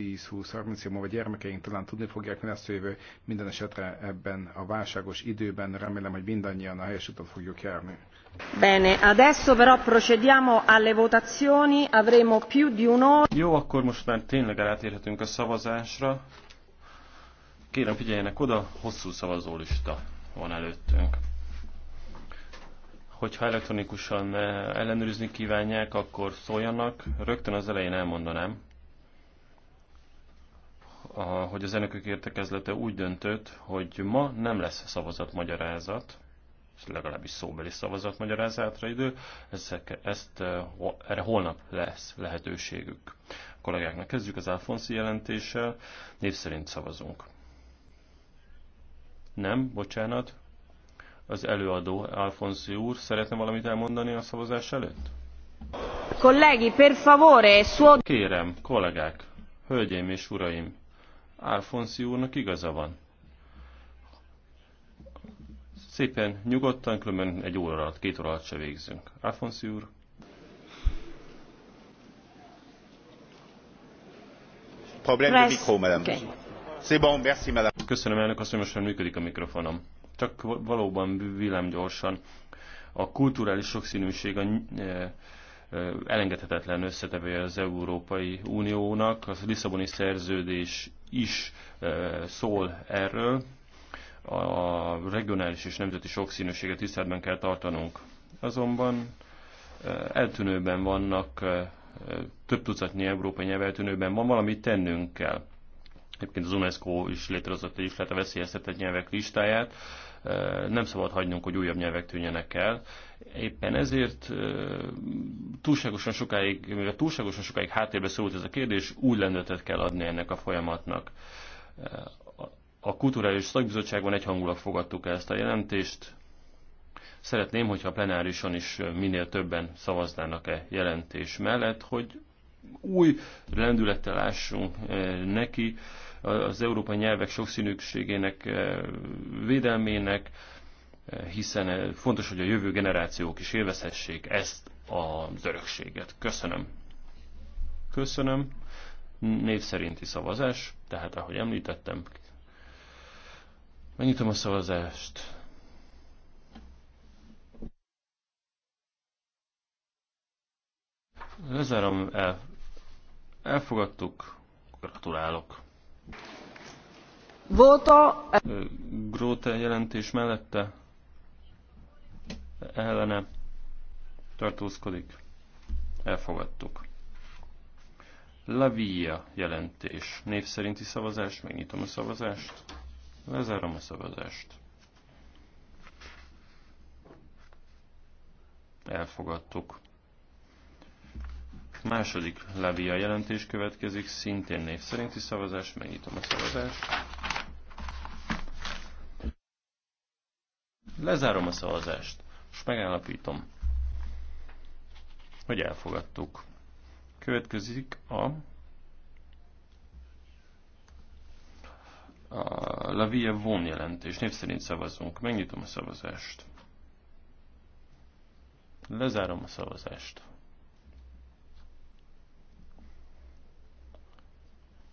10-20-30 év múlva gyermekeink talán tudni fogják, mi lesz jövő. Minden esetre ebben a válságos időben remélem, hogy mindannyian a helyes utat fogjuk járni. Bene, adesso però procediamo alle votazioni, avremo più di un'ora. Jó, akkor most már tényleg elátérhetünk a szavazásra. Kérem figyeljenek oda, hosszú szavazólista van előttünk. Hogyha elektronikusan eh, ellenőrizni kívánják, akkor szóljanak. Rögtön az elején elmondanám, a, hogy az elnökök értekezlete úgy döntött, hogy ma nem lesz szavazatmagyarázat, legalábbis szóbeli szavazatmagyarázatra idő, ezek, ezt, eh, erre holnap lesz lehetőségük. A kollégáknak kezdjük az Alfonszi jelentéssel, név szerint szavazunk. Nem, bocsánat, az előadó Alfonszi úr szeretne valamit elmondani a szavazás előtt? Kollégi, per favore, suo... Kérem, kollégák, hölgyeim és uraim, Alfonszi úrnak igaza van. Szépen nyugodtan, különben egy óra alatt, két óra alatt se végzünk. Alfonszi úr. mikro, madame. Köszönöm, elnök azt, hogy most már működik a mikrofonom. Csak valóban villám gyorsan. A kulturális sokszínűség a, e, e, elengedhetetlen összetevője az Európai Uniónak. A Lisszaboni szerződés is szól erről. A regionális és nemzeti sokszínűséget tiszteletben kell tartanunk. Azonban eltűnőben vannak, több tucatnyi európai nyelv eltűnőben van, valamit tennünk kell. Egyébként az UNESCO is létrehozott egy lehet a veszélyeztetett nyelvek listáját, nem szabad hagynunk, hogy újabb nyelvek tűnjenek el. Éppen ezért túlságosan sokáig, mivel túlságosan sokáig háttérbe szólt ez a kérdés, új lendületet kell adni ennek a folyamatnak. A Kulturális Szakbizottságban egyhangulag fogadtuk ezt a jelentést. Szeretném, hogyha a plenárison is minél többen szavaznának-e jelentés mellett, hogy új lendülettel lássunk neki, az európai nyelvek sokszínűségének eh, védelmének, eh, hiszen eh, fontos, hogy a jövő generációk is élvezhessék ezt az örökséget. Köszönöm. Köszönöm. Név szerinti szavazás, tehát ahogy említettem, megnyitom a szavazást. Lezárom, el, elfogadtuk, gratulálok. Vota. Gróte jelentés mellette ellene tartózkodik. Elfogadtuk. Via jelentés. Név szerinti szavazás. Megnyitom a szavazást. Lezárom a szavazást. Elfogadtuk. Második Lavia jelentés következik. Szintén név szerinti szavazás. Megnyitom a szavazást. Lezárom a szavazást, és megállapítom, hogy elfogadtuk. Következik a, a Lavia von jelentés. Név szerint szavazunk. Megnyitom a szavazást. Lezárom a szavazást.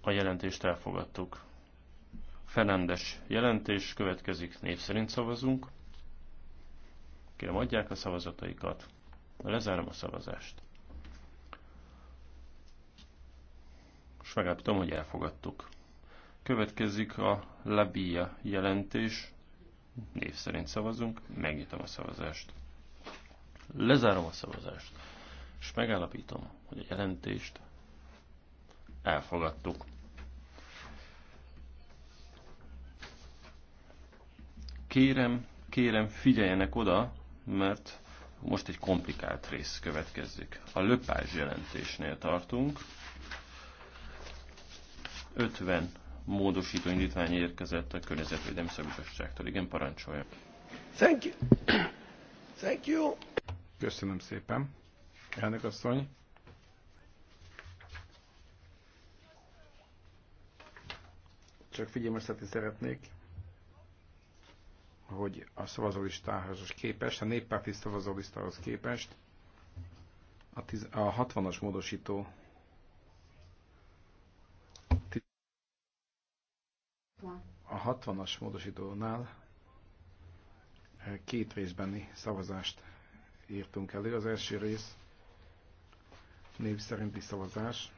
A jelentést elfogadtuk. Fernandes jelentés következik, név szerint szavazunk. Kérem, adják a szavazataikat. Lezárom a szavazást. És megállapítom, hogy elfogadtuk. Következik a Labia jelentés. Név szerint szavazunk. Megnyitom a szavazást. Lezárom a szavazást. És megállapítom, hogy a jelentést elfogadtuk. Kérem, kérem figyeljenek oda, mert most egy komplikált rész következik. A löpás jelentésnél tartunk. 50 módosító indítvány érkezett a Környezetvédelmi Szabadságtól. Igen, parancsolja. Thank you. Thank you. Köszönöm szépen. Elnök asszony. Csak figyelmeztetni szeretnék hogy a szavazólistához képest, a néppárti szavazólistához képest a, tiz, a 60-as módosító a 60-as módosítónál eh, két részbeni szavazást írtunk elő. Az első rész név szerinti szavazás,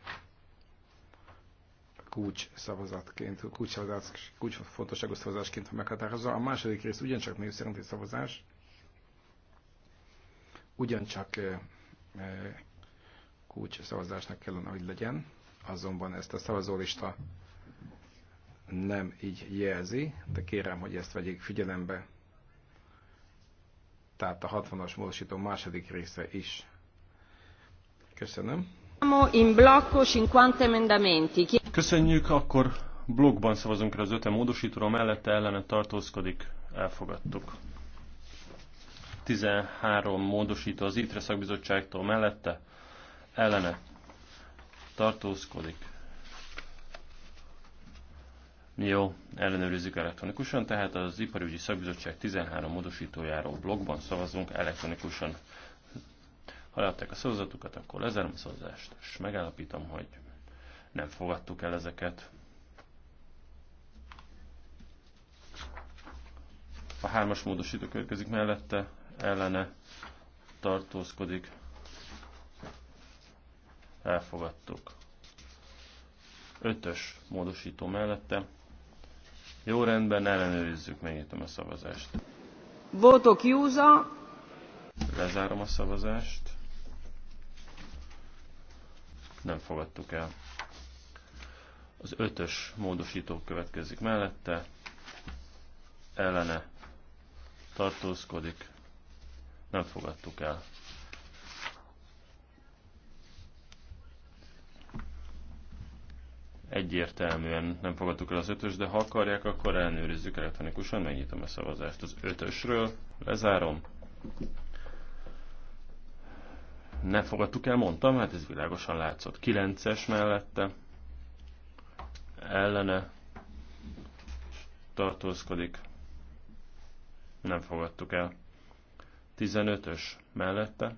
kulcs szavazatként, kulcs, szavazás, kulcs fontosságú szavazásként meghatározza. A második rész ugyancsak név szerinti szavazás, ugyancsak eh, eh, kulcs szavazásnak kellene, hogy legyen, azonban ezt a szavazólista nem így jelzi, de kérem, hogy ezt vegyék figyelembe. Tehát a 60-as módosító második része is. Köszönöm. In blocco 50 emendamenti. Köszönjük, akkor blogban szavazunk rá az öte módosítóra, mellette ellene tartózkodik, elfogadtuk. 13 módosító az ITRE szakbizottságtól mellette, ellene tartózkodik. Jó, ellenőrizzük elektronikusan, tehát az Iparügyi Szakbizottság 13 módosítójáról blogban szavazunk elektronikusan. Ha leadták a szavazatukat, akkor lezárom a szavazást, és megállapítom, hogy nem fogadtuk el ezeket. A hármas módosító következik mellette, ellene tartózkodik. Elfogadtuk. Ötös módosító mellette. Jó rendben, ellenőrizzük, megnyitom a szavazást. Votok Júza. Lezárom a szavazást. Nem fogadtuk el. Az ötös módosító következik mellette, ellene tartózkodik, nem fogadtuk el. Egyértelműen nem fogadtuk el az ötös, de ha akarják, akkor ellenőrizzük elektronikusan, megnyitom a szavazást az ötösről, lezárom. Nem fogadtuk el, mondtam, hát ez világosan látszott. 9-es mellette ellene tartózkodik. Nem fogadtuk el. 15-ös mellette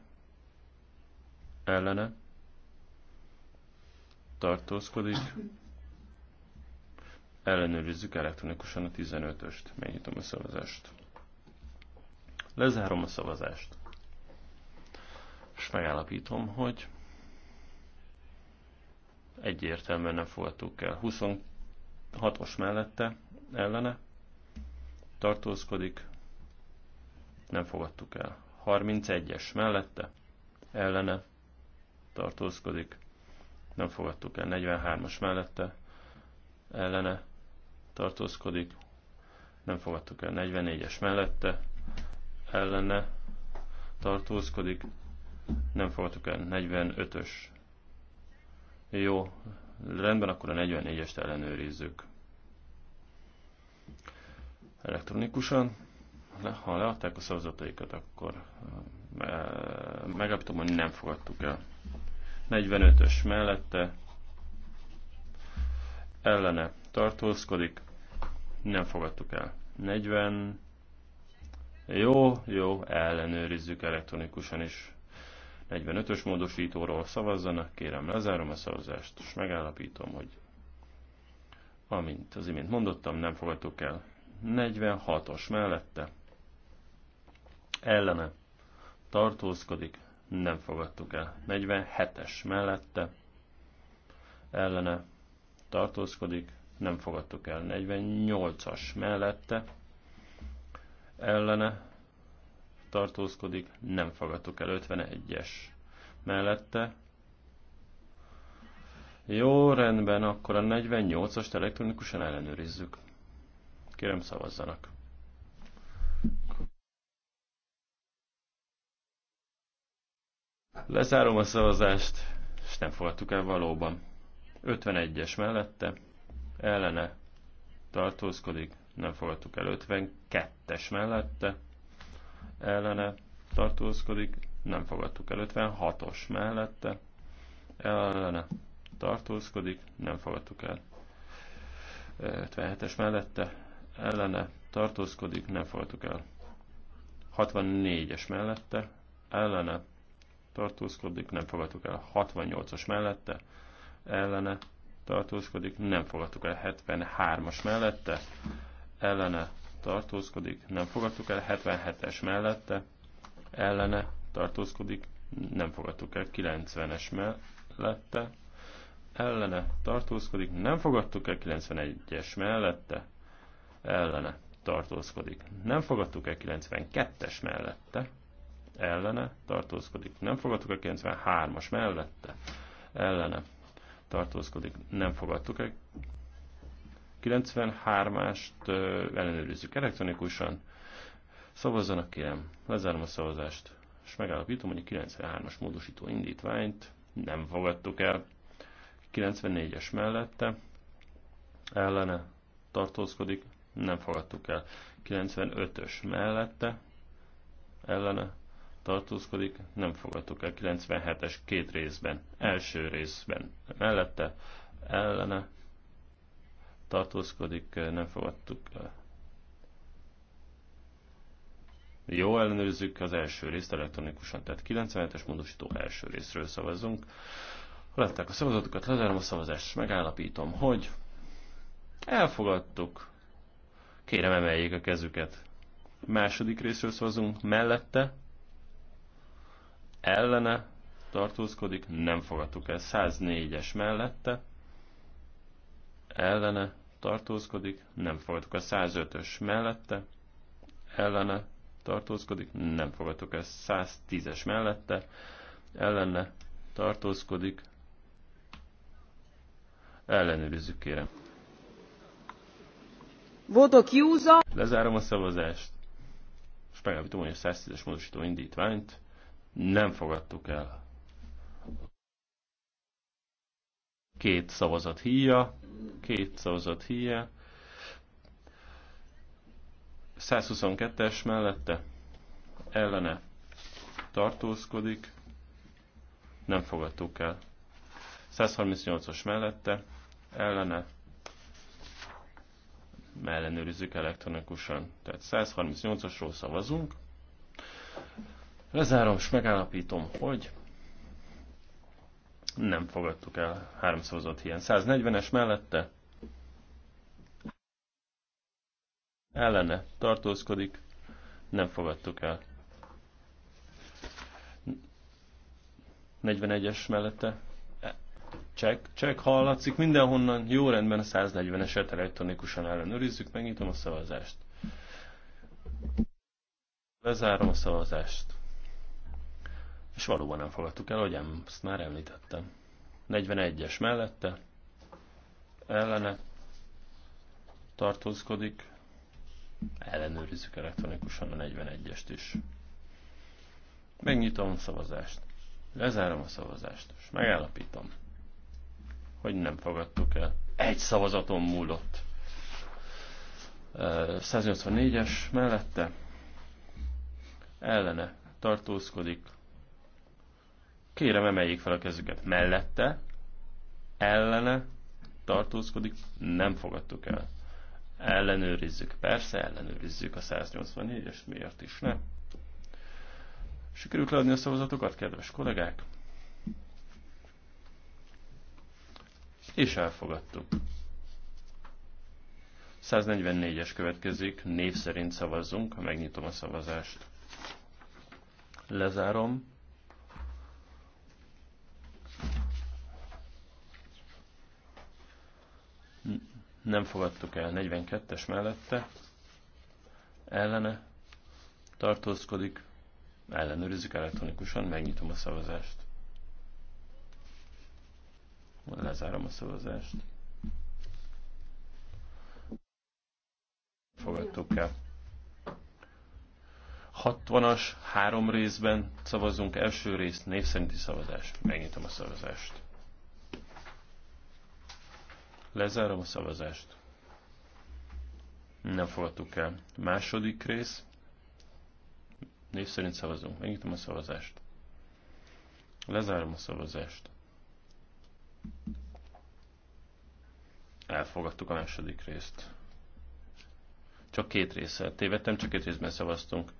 ellene tartózkodik. Ellenőrizzük elektronikusan a 15-öst. Megnyitom a szavazást. Lezárom a szavazást. És megállapítom, hogy egyértelműen nem fogadtuk el. 26-os mellette ellene tartózkodik, nem fogadtuk el. 31-es mellette ellene tartózkodik, nem fogadtuk el. 43-as mellette ellene tartózkodik, nem fogadtuk el. 44-es mellette ellene tartózkodik, nem fogadtuk el. 45-ös jó, rendben, akkor a 44-est ellenőrizzük. Elektronikusan, le, ha leadták a szavazataikat, akkor e, megállapítom, hogy nem fogadtuk el. 45-ös mellette ellene tartózkodik, nem fogadtuk el. 40. Jó, jó, ellenőrizzük elektronikusan is. 45-ös módosítóról szavazzanak, kérem lezárom a szavazást, és megállapítom, hogy amint az imént mondottam, nem fogadtuk el. 46-os mellette ellene tartózkodik, nem fogadtuk el. 47-es mellette ellene tartózkodik, nem fogadtuk el. 48-as mellette ellene tartózkodik, nem fogadtuk el 51-es mellette. Jó, rendben, akkor a 48-ast elektronikusan ellenőrizzük. Kérem szavazzanak. Lezárom a szavazást, és nem fogadtuk el valóban. 51-es mellette, ellene tartózkodik, nem fogadtuk el 52-es mellette, ellene tartózkodik, nem fogadtuk el 56-os mellette, ellene tartózkodik, nem fogadtuk el 57-es mellette, ellene tartózkodik, nem fogadtuk el 64-es mellette, ellene tartózkodik, nem fogadtuk el 68-as mellette, ellene tartózkodik, nem fogadtuk el 73-as mellette, ellene tartózkodik, nem fogadtuk el, 77-es mellette, ellene tartózkodik, nem fogadtuk el, 90-es mellette, ellene tartózkodik, nem fogadtuk el, 91-es mellette, ellene tartózkodik, nem fogadtuk el, 92-es mellette, ellene tartózkodik, nem fogadtuk el, 93-as mellette, ellene tartózkodik, nem fogadtuk el, 93-ást ellenőrizzük elektronikusan. Szavazzanak kérem, lezárom a szavazást, és megállapítom, hogy a 93-as módosító indítványt nem fogadtuk el. 94-es mellette ellene tartózkodik, nem fogadtuk el. 95-ös mellette ellene tartózkodik, nem fogadtuk el. 97-es két részben, első részben mellette ellene tartózkodik, nem fogadtuk el. Jó, ellenőrizzük az első részt elektronikusan, tehát 97-es módosító első részről szavazunk. Ha lettek a szavazatokat, lezárom a szavazást, és megállapítom, hogy elfogadtuk. Kérem, emeljék a kezüket. Második részről szavazunk, mellette, ellene, tartózkodik, nem fogadtuk el. 104-es mellette, ellene, tartózkodik, nem fogadok el 105-ös mellette, ellene tartózkodik, nem fogadok el 110-es mellette, ellene tartózkodik, ellenőrizzük kérem. Vodok Júza. Lezárom a szavazást. És megállapítom, hogy a 110-es módosító indítványt nem fogadtuk el. két szavazat híja, két szavazat híja, 122-es mellette ellene tartózkodik, nem fogadtuk el. 138-os mellette ellene ellenőrizzük elektronikusan. Tehát 138 osról szavazunk. Lezárom és megállapítom, hogy nem fogadtuk el háromszorozott hiány. 140-es mellette ellene tartózkodik, nem fogadtuk el. 41-es mellette Csek, csek hallatszik mindenhonnan, jó rendben a 140-eset elektronikusan ellenőrizzük, megnyitom a szavazást. Lezárom a szavazást és valóban nem fogadtuk el, ugye? ezt már említettem. 41-es mellette, ellene tartózkodik, ellenőrizzük elektronikusan a 41-est is. Megnyitom a szavazást, lezárom a szavazást, és megállapítom, hogy nem fogadtuk el. Egy szavazaton múlott. 184-es mellette ellene tartózkodik, Kérem, emeljék fel a kezüket mellette, ellene, tartózkodik, nem fogadtuk el. Ellenőrizzük, persze ellenőrizzük a 184 es miért is ne? Sikerült leadni a szavazatokat, kedves kollégák? És elfogadtuk. 144-es következik, név szerint szavazzunk, megnyitom a szavazást. Lezárom. nem fogadtuk el 42-es mellette, ellene tartózkodik, ellenőrizzük elektronikusan, megnyitom a szavazást. Lezárom a szavazást. Fogadtuk el. 60-as, három részben szavazunk, első rész név szerinti szavazás. Megnyitom a szavazást. Lezárom a szavazást. Nem fogadtuk el. Második rész. Név szerint szavazunk. Megnyitom a szavazást. Lezárom a szavazást. Elfogadtuk a második részt. Csak két része. Tévedtem, csak két részben szavaztunk.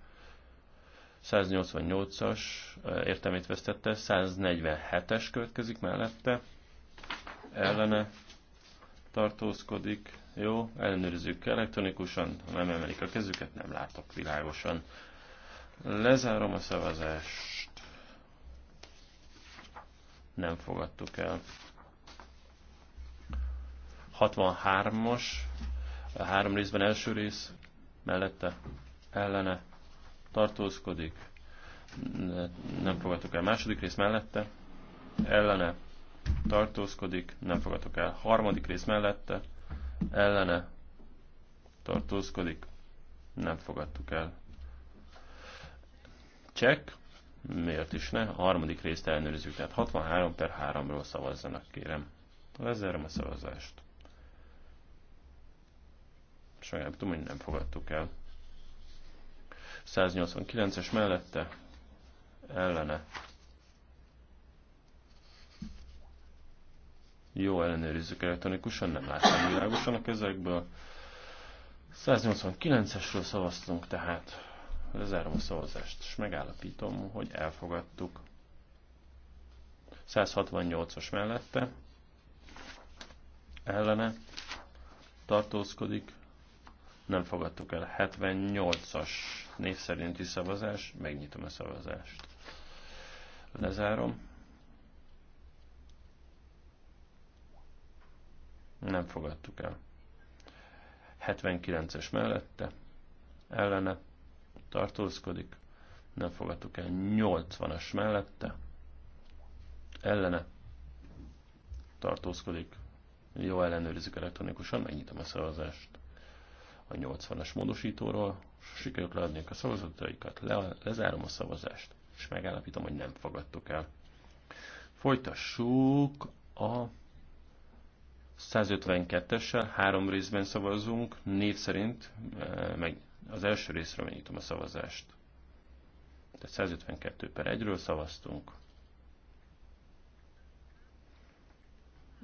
188-as értelmét vesztette, 147-es következik mellette, ellene tartózkodik. Jó, ellenőrizzük elektronikusan, ha nem emelik a kezüket, nem látok világosan. Lezárom a szavazást. Nem fogadtuk el. 63 os a három részben első rész, mellette, ellene, tartózkodik. Nem fogadtuk el második rész mellette, ellene, tartózkodik, nem fogadok el. Harmadik rész mellette, ellene, tartózkodik, nem fogadtuk el. Check, miért is ne, a harmadik részt ellenőrizzük, tehát 63 per 3-ról szavazzanak, kérem. Lezerem a szavazást. Sajnálom, tudom, hogy nem fogadtuk el. 189-es mellette, ellene, Jó, ellenőrizzük elektronikusan, nem látom világosan a kezekből. 189-esről szavaztunk, tehát lezárom a szavazást, és megállapítom, hogy elfogadtuk. 168-os mellette, ellene, tartózkodik, nem fogadtuk el. 78-as név szerinti szavazás, megnyitom a szavazást. Lezárom. nem fogadtuk el. 79-es mellette, ellene, tartózkodik, nem fogadtuk el. 80-as mellette, ellene, tartózkodik, jó ellenőrizik elektronikusan, megnyitom a szavazást a 80-as módosítóról, sikerült leadni a szavazataikat, le, lezárom a szavazást, és megállapítom, hogy nem fogadtuk el. Folytassuk a 152-essel három részben szavazunk, név szerint e, meg az első részről megnyitom a szavazást. Tehát 152 per 1-ről szavaztunk.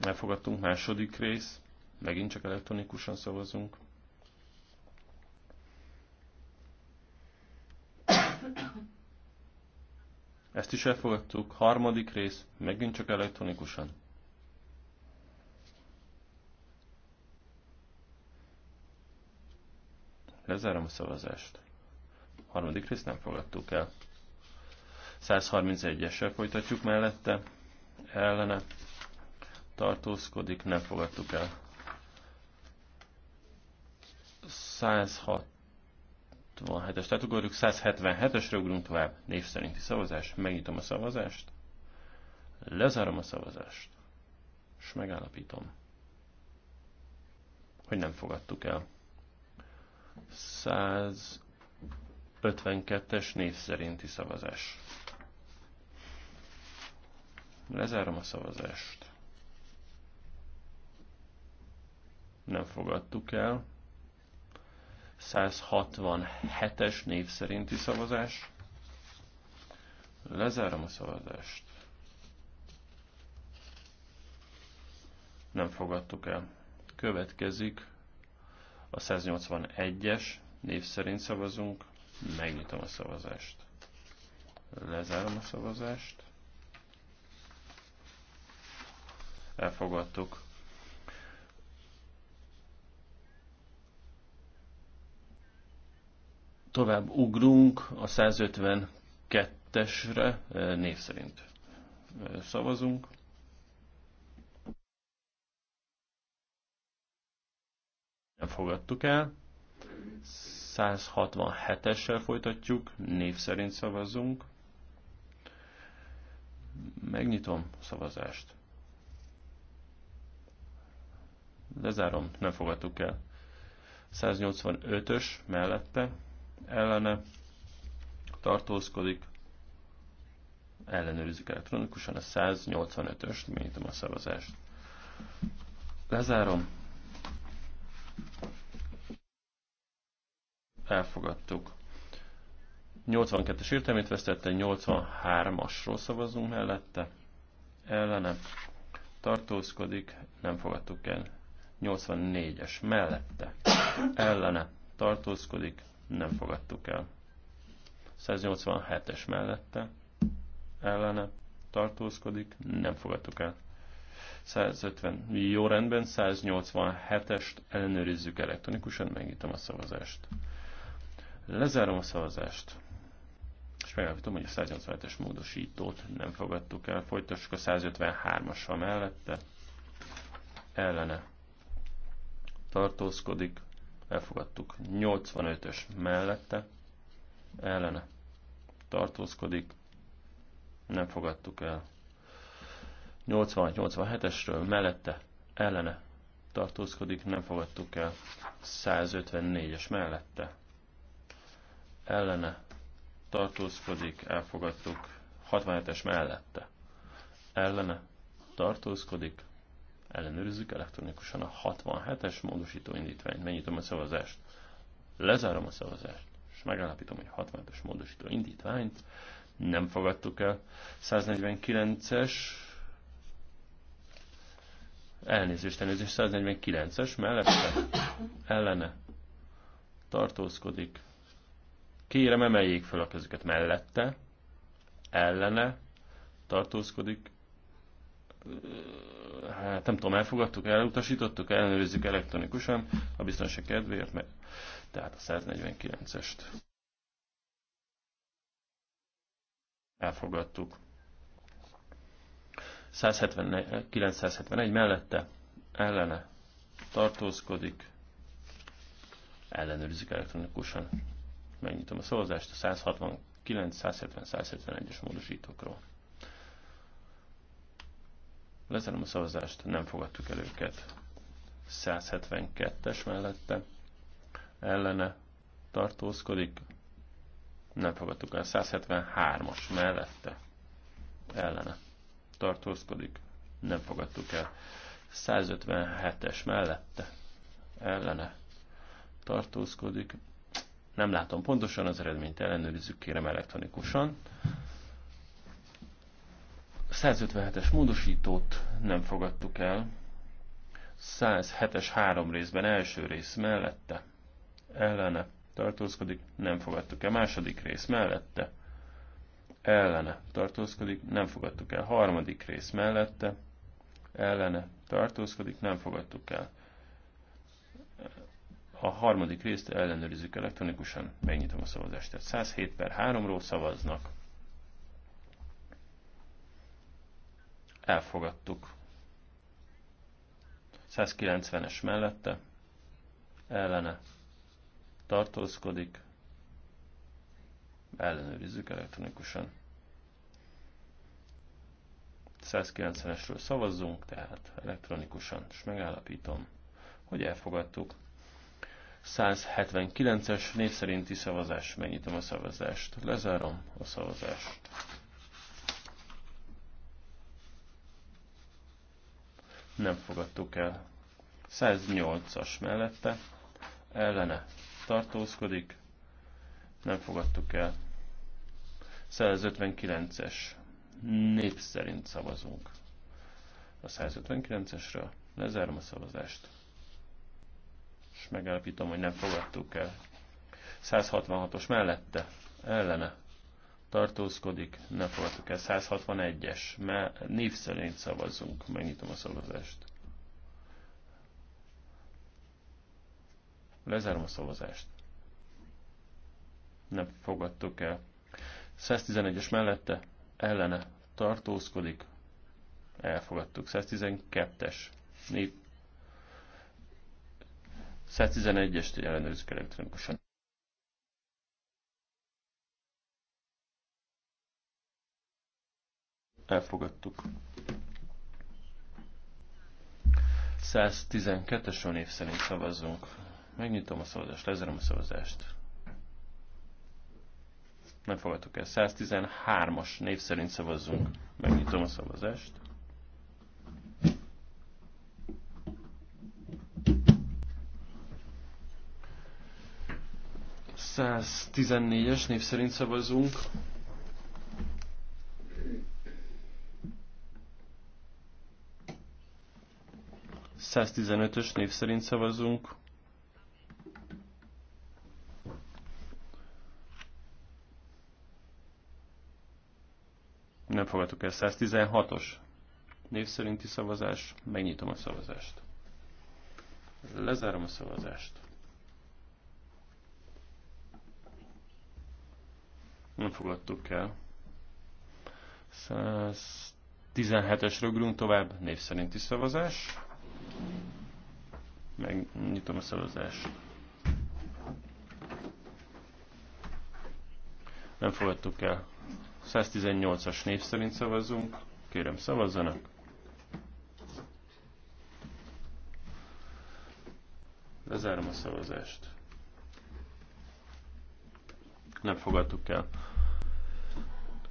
Elfogadtunk második rész, megint csak elektronikusan szavazunk. Ezt is elfogadtuk, harmadik rész, megint csak elektronikusan. Lezárom a szavazást. A harmadik részt nem fogadtuk el. 131-essel folytatjuk mellette. Ellene tartózkodik, nem fogadtuk el. 167-es, tehát ugorjuk 177-esre ugrunk tovább. Név szerinti szavazás, megnyitom a szavazást, lezárom a szavazást, és megállapítom, hogy nem fogadtuk el. 152-es név szerinti szavazás. Lezárom a szavazást. Nem fogadtuk el. 167-es név szerinti szavazás. Lezárom a szavazást. Nem fogadtuk el. Következik a 181-es név szerint szavazunk. Megnyitom a szavazást. Lezárom a szavazást. Elfogadtuk. Tovább ugrunk a 152-esre név szerint szavazunk. Nem fogadtuk el. 167-essel folytatjuk, név szerint szavazunk. Megnyitom a szavazást. Lezárom, nem fogadtuk el. 185-ös mellette, ellene tartózkodik, ellenőrizik elektronikusan a 185-öst, megnyitom a szavazást. Lezárom, elfogadtuk. 82-es értelmét vesztette, 83-asról szavazunk mellette, ellene tartózkodik, nem fogadtuk el. 84-es mellette, ellene tartózkodik, nem fogadtuk el. 187-es mellette, ellene tartózkodik, nem fogadtuk el. 150. Jó rendben, 187-est ellenőrizzük elektronikusan, megnyitom a szavazást. Lezárom a szavazást. És megállapítom, hogy a 187-es módosítót nem fogadtuk el. Folytassuk a 153 asra mellette. Ellene tartózkodik. Elfogadtuk. 85-ös mellette. Ellene tartózkodik. Nem fogadtuk el. 80-87-esről mellette. Ellene tartózkodik. Nem fogadtuk el. 154-es mellette ellene tartózkodik, elfogadtuk. 67-es mellette ellene tartózkodik, ellenőrizzük elektronikusan a 67-es módosító indítványt. Megnyitom a szavazást, lezárom a szavazást, és megállapítom, hogy 67-es módosító indítványt nem fogadtuk el. 149-es elnézést, elnézést, 149-es mellette ellene tartózkodik, Kérem, emeljék fel a kezüket mellette, ellene, tartózkodik. Hát nem tudom, elfogadtuk, elutasítottuk, ellenőrizzük elektronikusan a biztonság kedvéért, mert tehát a 149-est. Elfogadtuk. 971 mellette, ellene, tartózkodik, ellenőrizzük elektronikusan. Megnyitom a szavazást a 169, 170, 171-es módosítókról. Lezárom a szavazást, nem fogadtuk el őket. 172-es mellette ellene tartózkodik, nem fogadtuk el. 173-as mellette ellene tartózkodik, nem fogadtuk el. 157-es mellette ellene tartózkodik, nem látom pontosan az eredményt, ellenőrizzük kérem elektronikusan. 157-es módosítót nem fogadtuk el. 107-es három részben első rész mellette ellene tartózkodik, nem fogadtuk el. Második rész mellette ellene tartózkodik, nem fogadtuk el. Harmadik rész mellette ellene tartózkodik, nem fogadtuk el. A harmadik részt ellenőrizzük elektronikusan. Megnyitom a szavazást. Tehát 107 per 3-ról szavaznak. Elfogadtuk. 190-es mellette. Ellene. Tartózkodik. Ellenőrizzük elektronikusan. 190-esről szavazzunk, tehát elektronikusan, és megállapítom, hogy elfogadtuk. 179-es név szerinti szavazás. Megnyitom a szavazást. Lezárom a szavazást. Nem fogadtuk el. 108-as mellette ellene tartózkodik. Nem fogadtuk el. 159-es név szerint szavazunk. A 159-esről lezárom a szavazást és megállapítom, hogy nem fogadtuk el. 166-os mellette, ellene tartózkodik, nem fogadtuk el. 161-es, név szerint szavazzunk, megnyitom a szavazást. Lezárom a szavazást. Nem fogadtuk el. 111-es mellette, ellene tartózkodik, elfogadtuk. 112-es, név 111-est ellenőrzik elektronikusan. Elfogadtuk. 112-esről név szerint szavazzunk. Megnyitom a szavazást, lezerem a szavazást. Nem fogadtuk el. 113-as név szerint szavazzunk. Megnyitom a szavazást. 114-es név szerint szavazunk. ös név szerint szavazunk. Nem fogadtuk el. 116-os név szerinti szavazás. Megnyitom a szavazást. Lezárom a szavazást. nem fogadtuk el. 117-esről grunk tovább, név szerinti szavazás. Megnyitom a szavazást. Nem fogadtuk el. 118-as név szerint szavazunk. Kérem szavazzanak. Lezárom a szavazást. Nem fogadtuk el.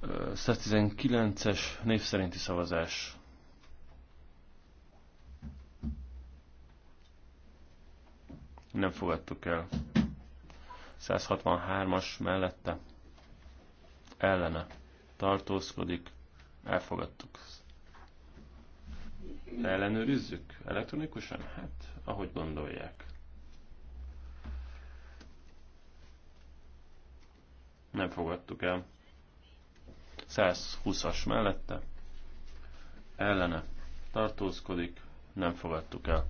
119-es név szerinti szavazás. Nem fogadtuk el. 163-as mellette ellene tartózkodik, elfogadtuk. Ellenőrizzük elektronikusan? Hát, ahogy gondolják. Nem fogadtuk el. 120-as mellette ellene tartózkodik, nem fogadtuk el.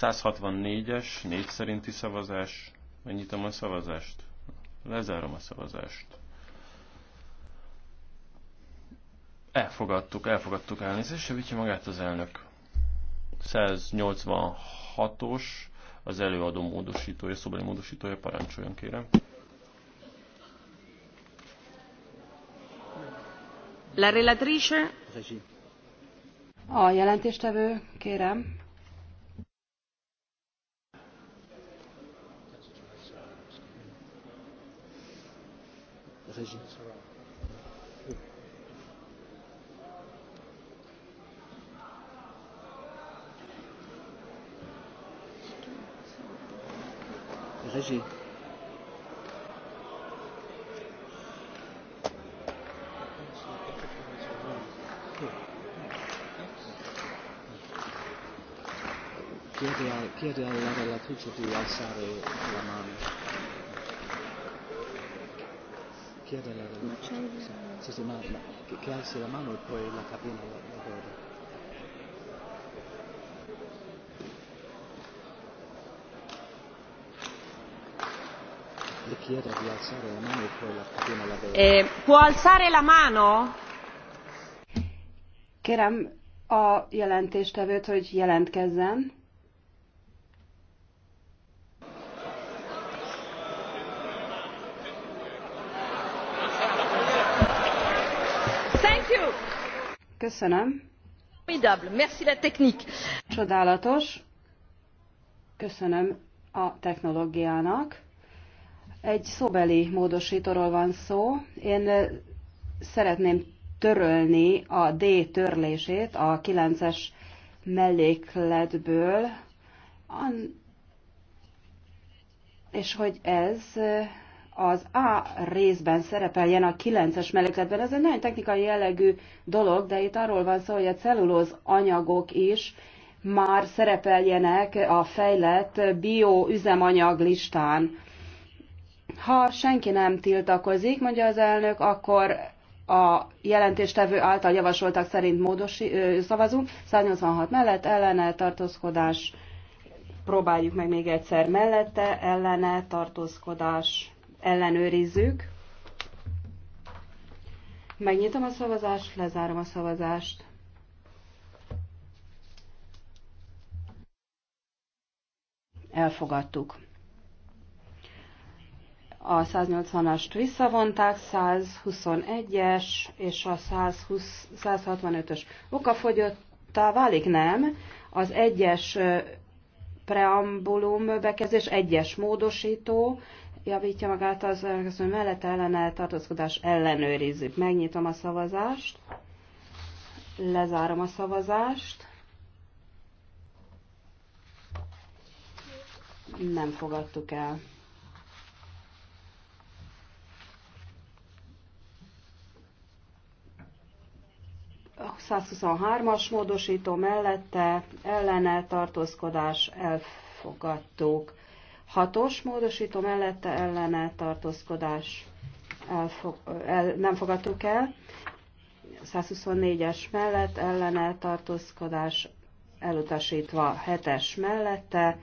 164-es, négy szerinti szavazás. Megnyitom a szavazást. Lezárom a szavazást. Elfogadtuk, elfogadtuk elnézést, javítja magát az elnök. 186-os, az előadó módosítója, szobeli módosítója, parancsoljon kérem. A jelentéstevő, kérem. Régis. chiede alla relatrice di alzare la mano. Chiede alla relatrice sì, sì, ma, ma, che, che alzi la mano e poi la cabina la, la vede. chiedo di alzare la mano e poi la cabina la vede. Eh, può alzare la mano? Kérem a jelentéstevőt, hogy jelentkezzen. Köszönöm. Formidable, merci la technique. Csodálatos. Köszönöm a technológiának. Egy szóbeli módosítóról van szó. Én eh, szeretném törölni a D törlését a 9-es mellékletből, és hogy ez eh, az A részben szerepeljen a 9-es melegzetben. Ez egy nagyon technikai jellegű dolog, de itt arról van szó, hogy a cellulóz anyagok is már szerepeljenek a fejlett bioüzemanyag listán. Ha senki nem tiltakozik, mondja az elnök, akkor a jelentéstevő által javasoltak szerint módosi, ö, szavazunk. 186 mellett ellene tartózkodás. Próbáljuk meg még egyszer mellette ellene tartózkodás ellenőrizzük. Megnyitom a szavazást, lezárom a szavazást. Elfogadtuk. A 180-ast visszavonták, 121-es és a 120, 165-ös okafogyottá válik, nem? Az egyes preambulum bekezdés, egyes módosító, javítja magát az elköszönő mellett ellene tartózkodás ellenőrizzük. Megnyitom a szavazást, lezárom a szavazást, nem fogadtuk el. A 123-as módosító mellette ellene tartózkodás elfogadtuk. Hatos módosító mellette ellene tartózkodás elfog, el, nem fogadtuk el. 124-es mellett ellene tartózkodás elutasítva 7-es mellette.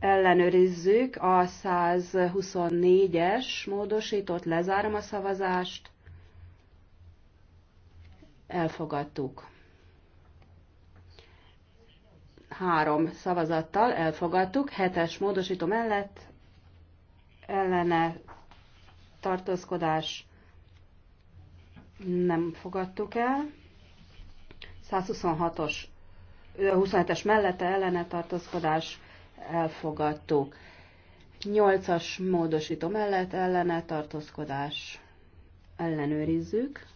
Ellenőrizzük a 124-es módosított, lezárom a szavazást. Elfogadtuk. 3 szavazattal elfogadtuk, 7-es módosító mellett ellene tartózkodás nem fogadtuk el. 126-os, 27-es mellette ellene tartózkodás elfogadtuk. 8-as módosító mellett ellene tartózkodás ellenőrizzük.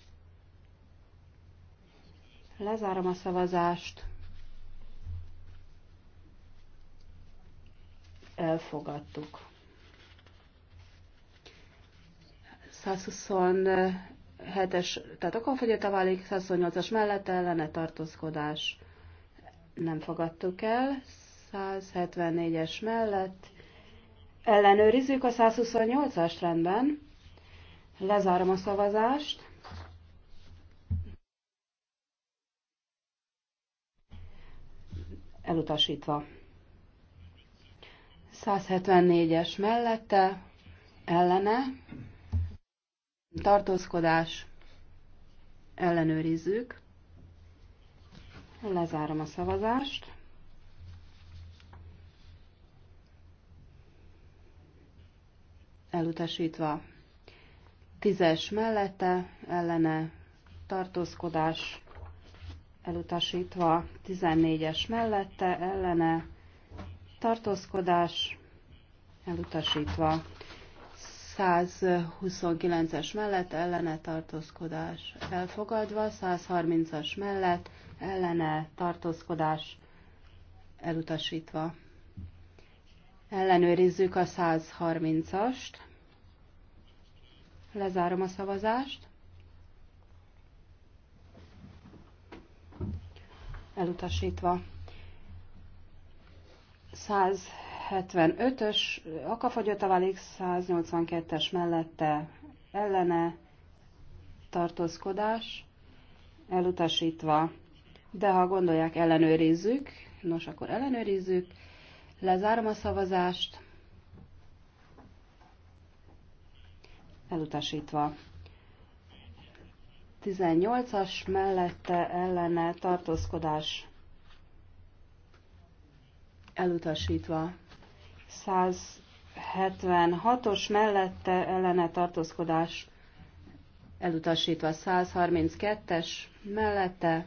Lezárom a szavazást. elfogadtuk. 127-es, tehát a válik, 128-as mellett ellene tartózkodás nem fogadtuk el, 174-es mellett ellenőrizzük a 128-as rendben, lezárom a szavazást, elutasítva. 174-es mellette, ellene, tartózkodás, ellenőrizzük. Lezárom a szavazást. Elutasítva. Tízes mellette, ellene, tartózkodás, elutasítva. Tizennégyes mellette, ellene, tartózkodás elutasítva. 129-es mellett ellene tartózkodás elfogadva, 130-as mellett ellene tartózkodás elutasítva. Ellenőrizzük a 130-ast. Lezárom a szavazást. Elutasítva. 175-ös akafogyottá válik, 182-es mellette ellene tartózkodás elutasítva, de ha gondolják, ellenőrizzük, nos, akkor ellenőrizzük, lezárom a szavazást, elutasítva. 18-as mellette ellene tartózkodás elutasítva. 176-os mellette ellene tartózkodás elutasítva. 132-es mellette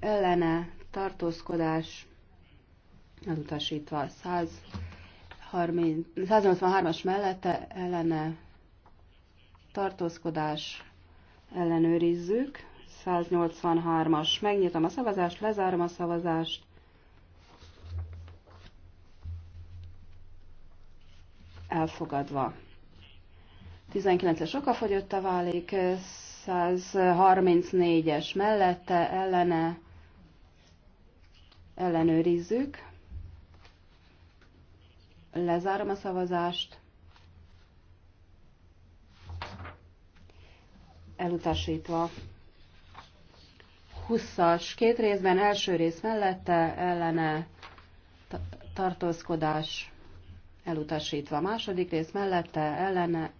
ellene tartózkodás elutasítva. 130, 183-as mellette ellene tartózkodás ellenőrizzük. 183-as. Megnyitom a szavazást, lezárom a szavazást. elfogadva. 19-es a válik, 134-es mellette, ellene ellenőrizzük. Lezárom a szavazást. Elutasítva. 20-as, két részben, első rész mellette, ellene tartózkodás elutasítva. A második rész mellette ellene,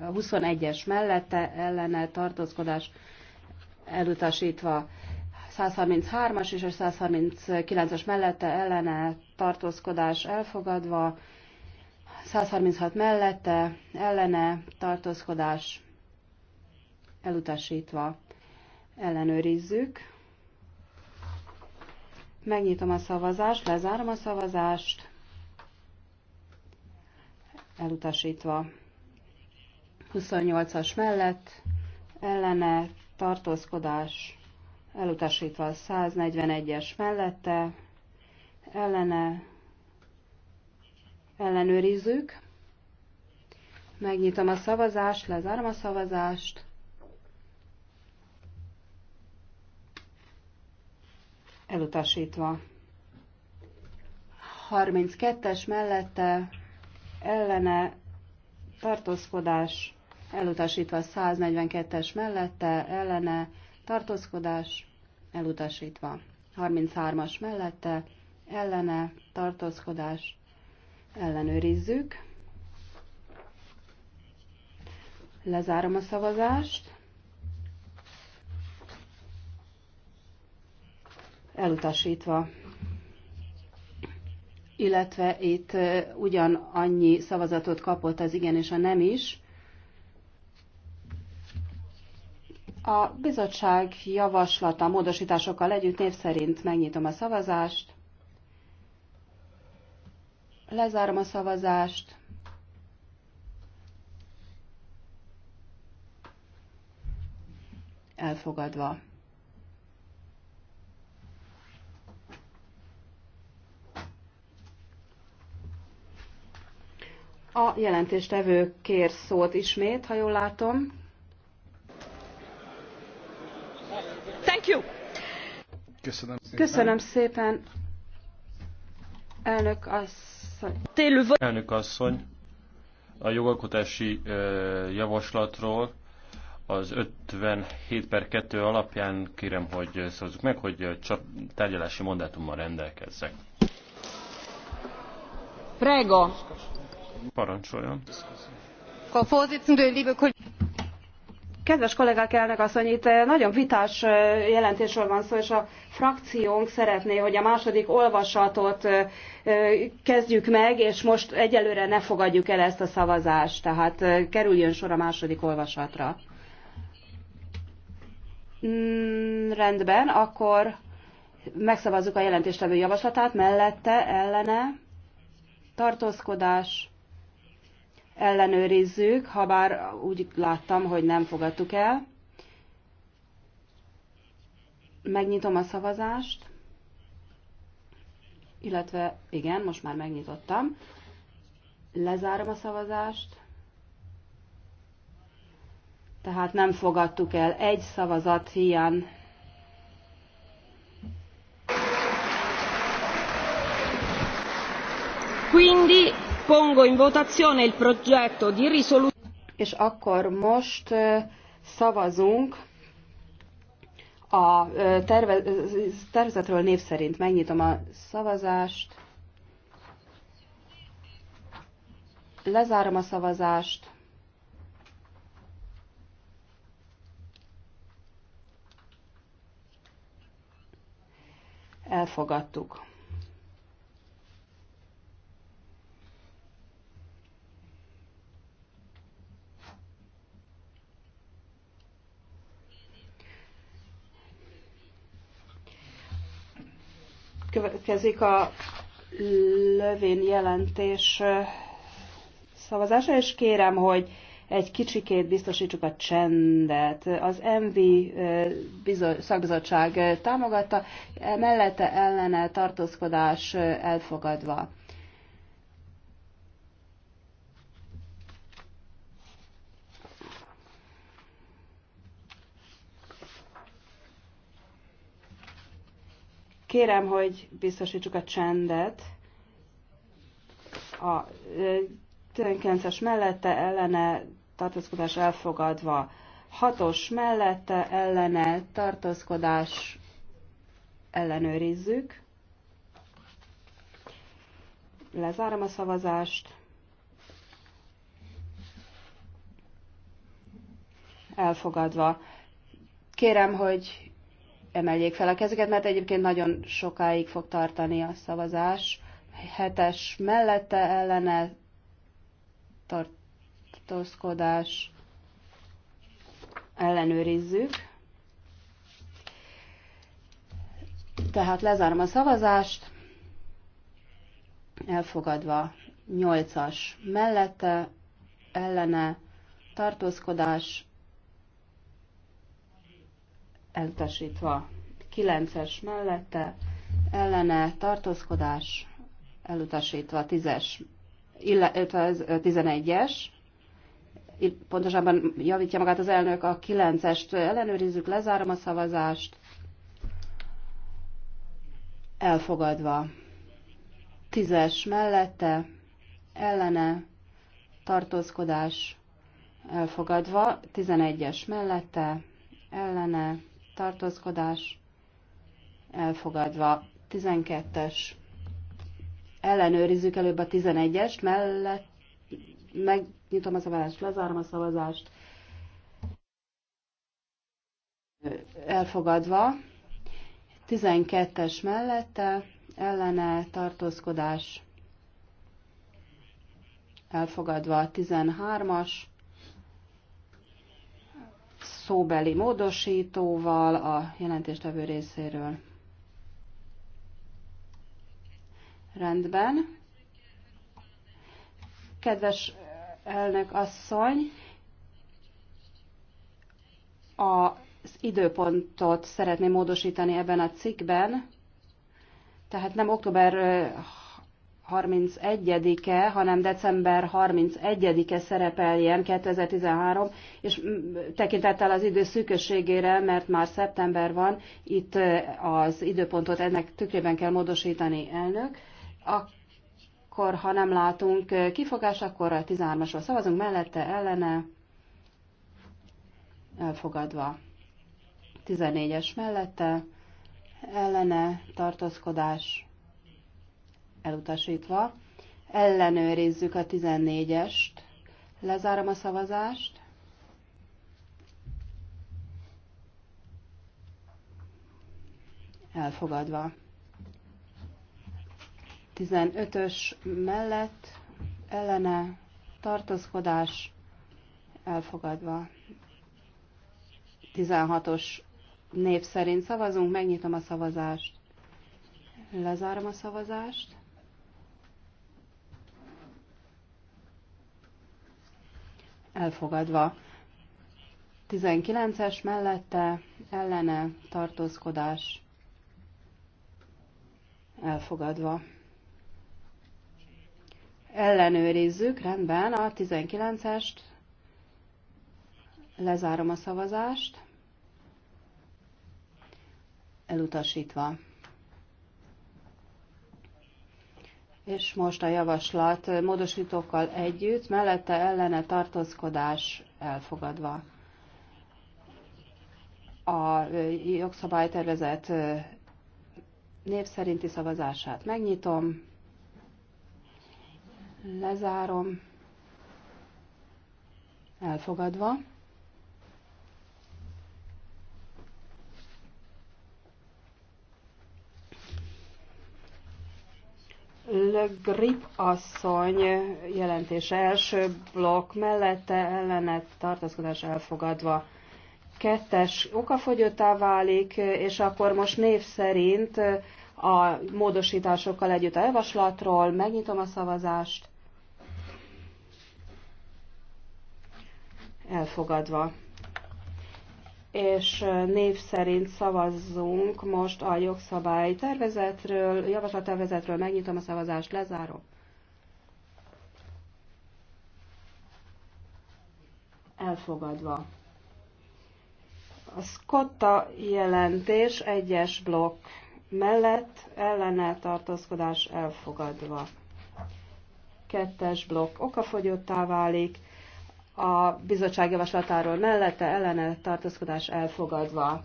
a 21-es mellette ellene tartózkodás elutasítva. 133-as és a 139-es mellette ellene tartózkodás elfogadva, 136 mellette ellene tartózkodás elutasítva ellenőrizzük. Megnyitom a szavazást, lezárom a szavazást elutasítva. 28-as mellett ellene tartózkodás elutasítva 141-es mellette ellene ellenőrizzük. Megnyitom a szavazást, lezárom a szavazást. Elutasítva. 32-es mellette ellene tartózkodás elutasítva 142-es mellette, ellene tartózkodás elutasítva 33-as mellette, ellene tartózkodás ellenőrizzük. Lezárom a szavazást. Elutasítva illetve itt ugyanannyi szavazatot kapott az igen és a nem is. A bizottság javaslata módosításokkal együtt név szerint megnyitom a szavazást. Lezárom a szavazást. Elfogadva. A jelentéstevő kér szót ismét, ha jól látom. Thank you. Köszönöm szépen. Köszönöm szépen. Elnök asszony. Elnök asszony, a jogalkotási javaslatról az 57 per 2 alapján kérem, hogy szavazzuk meg, hogy tárgyalási mandátummal rendelkezzek. Prego. Parancsoljon. Kedves kollégák, elnök asszony, itt eh, nagyon vitás eh, jelentésről van szó, és a frakciónk szeretné, hogy a második olvasatot eh, kezdjük meg, és most egyelőre ne fogadjuk el ezt a szavazást, tehát kerüljön sor a második olvasatra. Mm, rendben, akkor megszavazzuk a jelentéstevő javaslatát, mellette, ellene, tartózkodás, ellenőrizzük, ha bár úgy láttam, hogy nem fogadtuk el. Megnyitom a szavazást, illetve igen, most már megnyitottam. Lezárom a szavazást. Tehát nem fogadtuk el egy szavazat hiány Quindi Pongo in votazione il progetto di risoluzione. És akkor most szavazunk a terve, tervezetről név szerint. Megnyitom a szavazást. Lezárom a szavazást. Elfogadtuk. Következik a lövén jelentés szavazása, és kérem, hogy egy kicsikét biztosítsuk a csendet. Az MV szakbizottság támogatta, e, mellette ellene tartózkodás elfogadva. Kérem, hogy biztosítsuk a csendet. A 19-es mellette ellene tartózkodás elfogadva. 6-os mellette ellene tartózkodás ellenőrizzük. Lezárom a szavazást. Elfogadva. Kérem, hogy emeljék fel a kezüket, mert egyébként nagyon sokáig fog tartani a szavazás. Hetes mellette ellene tartózkodás ellenőrizzük. Tehát lezárom a szavazást, elfogadva 8-as mellette, ellene, tartózkodás, elutasítva. 9-es mellette ellene tartózkodás elutasítva. 10-es, illetve 11-es, itt pontosabban javítja magát az elnök a 9-est, ellenőrizzük, lezárom a szavazást, elfogadva. 10-es mellette ellene tartózkodás elfogadva, 11-es mellette, ellene, tartózkodás elfogadva. 12-es. Ellenőrizzük előbb a 11-est, mellett megnyitom a szavazást, lezárom a szavazást. Elfogadva. 12-es mellette ellene tartózkodás elfogadva. 13-as szóbeli módosítóval a jelentéstevő részéről. Rendben. Kedves elnök asszony, az időpontot szeretném módosítani ebben a cikkben, tehát nem október 31-e, hanem december 31-e szerepeljen 2013, és mm, tekintettel az idő szűkösségére, mert már szeptember van, itt az időpontot ennek tükrében kell módosítani elnök. Akkor, ha nem látunk kifogás, akkor a 13-asról szavazunk mellette, ellene, elfogadva. 14-es mellette, ellene, tartózkodás, elutasítva. Ellenőrizzük a 14-est. Lezárom a szavazást. Elfogadva. 15-ös mellett ellene tartózkodás elfogadva. 16-os név szerint szavazunk, megnyitom a szavazást. Lezárom a szavazást. elfogadva. 19-es mellette ellene tartózkodás elfogadva. Ellenőrizzük, rendben, a 19-est, lezárom a szavazást, elutasítva. és most a javaslat módosítókkal együtt, mellette ellene tartózkodás elfogadva. A jogszabálytervezet név szerinti szavazását megnyitom, lezárom, elfogadva. Le Grip asszony jelentése első blokk mellette ellene tartózkodás elfogadva. Kettes okafogyottá válik, és akkor most név szerint a módosításokkal együtt a javaslatról megnyitom a szavazást. Elfogadva és név szerint szavazzunk most a jogszabály tervezetről, javaslattervezetről megnyitom a szavazást, lezárom. Elfogadva. A Scotta jelentés egyes blokk mellett ellene tartózkodás elfogadva. Kettes blokk okafogyottá válik, a bizottság javaslatáról mellette ellene tartózkodás elfogadva.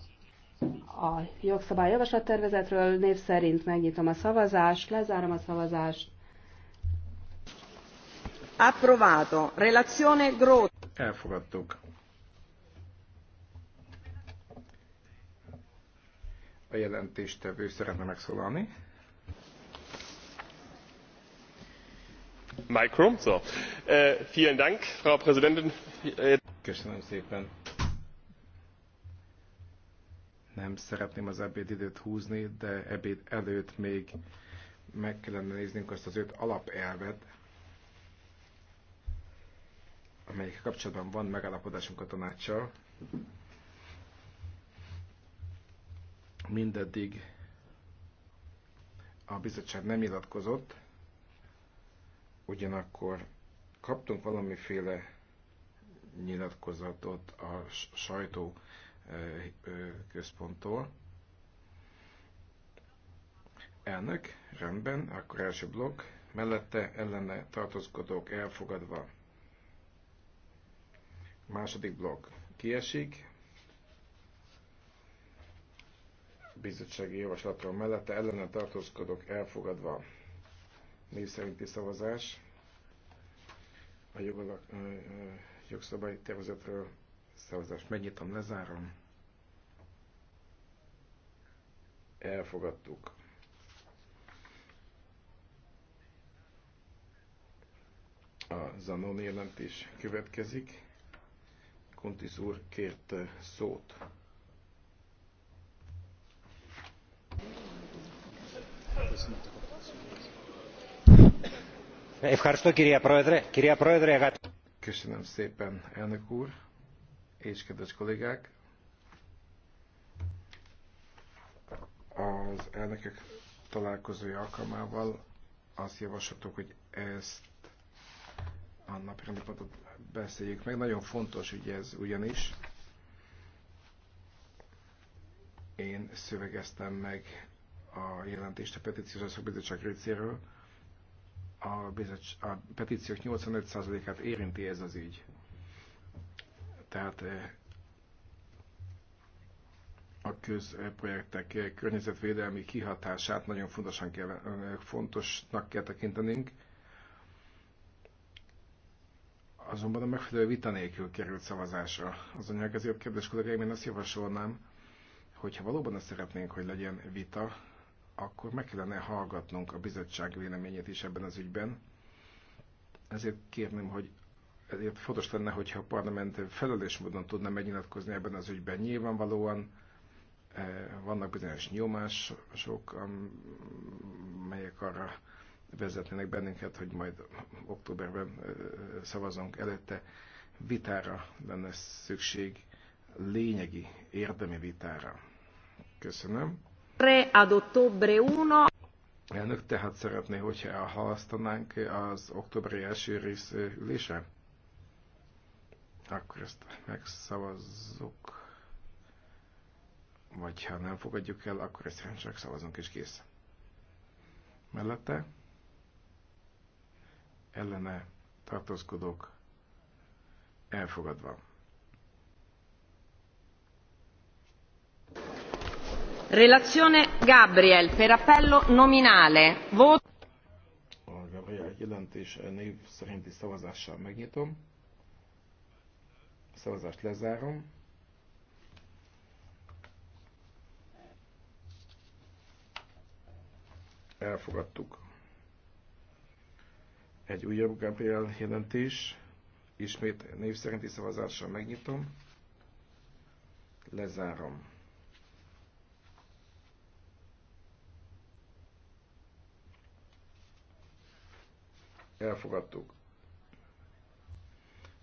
A jogszabály javaslattervezetről név szerint megnyitom a szavazást, lezárom a szavazást. Approvato. Relazione Gro. Elfogadtuk. A jelentéstevő szeretne megszólalni. Äh, frau präsidentin! köszönöm szépen. nem szeretném az ebédidőt húzni de ebéd előtt még meg kellene néznünk azt az öt alapelvet amelyek kapcsolatban van megállapodásunk a tanácssal. Mindeddig a bizottság nem nyilatkozott, Ugyanakkor kaptunk valamiféle nyilatkozatot a sajtó központtól. Elnök, rendben, akkor első blokk, mellette ellene tartózkodók elfogadva. Második blokk kiesik, bizottsági javaslatról mellette ellene tartózkodók elfogadva név szerinti szavazás a jogalak, jogszabály tervezetről szavazást megnyitom, lezárom. Elfogadtuk. A Zanon jelentés következik. Kontis úr kért szót. Köszönöm. Köszönöm szépen, elnök úr, és kedves kollégák! Az elnökök találkozója alkalmával azt javasoltuk, hogy ezt a napirendi pontot beszéljük meg. Nagyon fontos ügy ez ugyanis. Én szövegeztem meg a jelentést a petíciós bizottság részéről, a, bizots, a petíciók 85%-át érinti ez az ügy. Tehát eh, a közprojektek eh, környezetvédelmi kihatását nagyon fontosan kell, eh, fontosnak kell tekintenünk. Azonban a megfelelő vita nélkül került szavazásra az anyag, ezért kedves kollégáim, én azt javasolnám, hogyha valóban azt szeretnénk, hogy legyen vita, akkor meg kellene hallgatnunk a bizottság véleményét is ebben az ügyben. Ezért kérném, hogy ezért fontos lenne, hogyha a parlament felelős módon tudna megnyilatkozni ebben az ügyben. Nyilvánvalóan eh, vannak bizonyos nyomások, amelyek arra vezetnének bennünket, hogy majd októberben eh, szavazunk előtte. Vitára lenne szükség, lényegi, érdemi vitára. Köszönöm. 3 ad ottobre 1. Elnök tehát szeretné, hogyha elhalasztanánk az októberi első rész ülése? Akkor ezt megszavazzuk. Vagy ha nem fogadjuk el, akkor ezt csak szavazunk és kész. Mellette ellene tartózkodók elfogadva. Relazione Gabriel per appello nominale. Voto. A Gabriel jelentés név szerinti szavazással megnyitom. Szavazást lezárom. Elfogadtuk. Egy újabb Gabriel jelentés. Ismét név szerinti szavazással megnyitom. Lezárom. Elfogadtuk.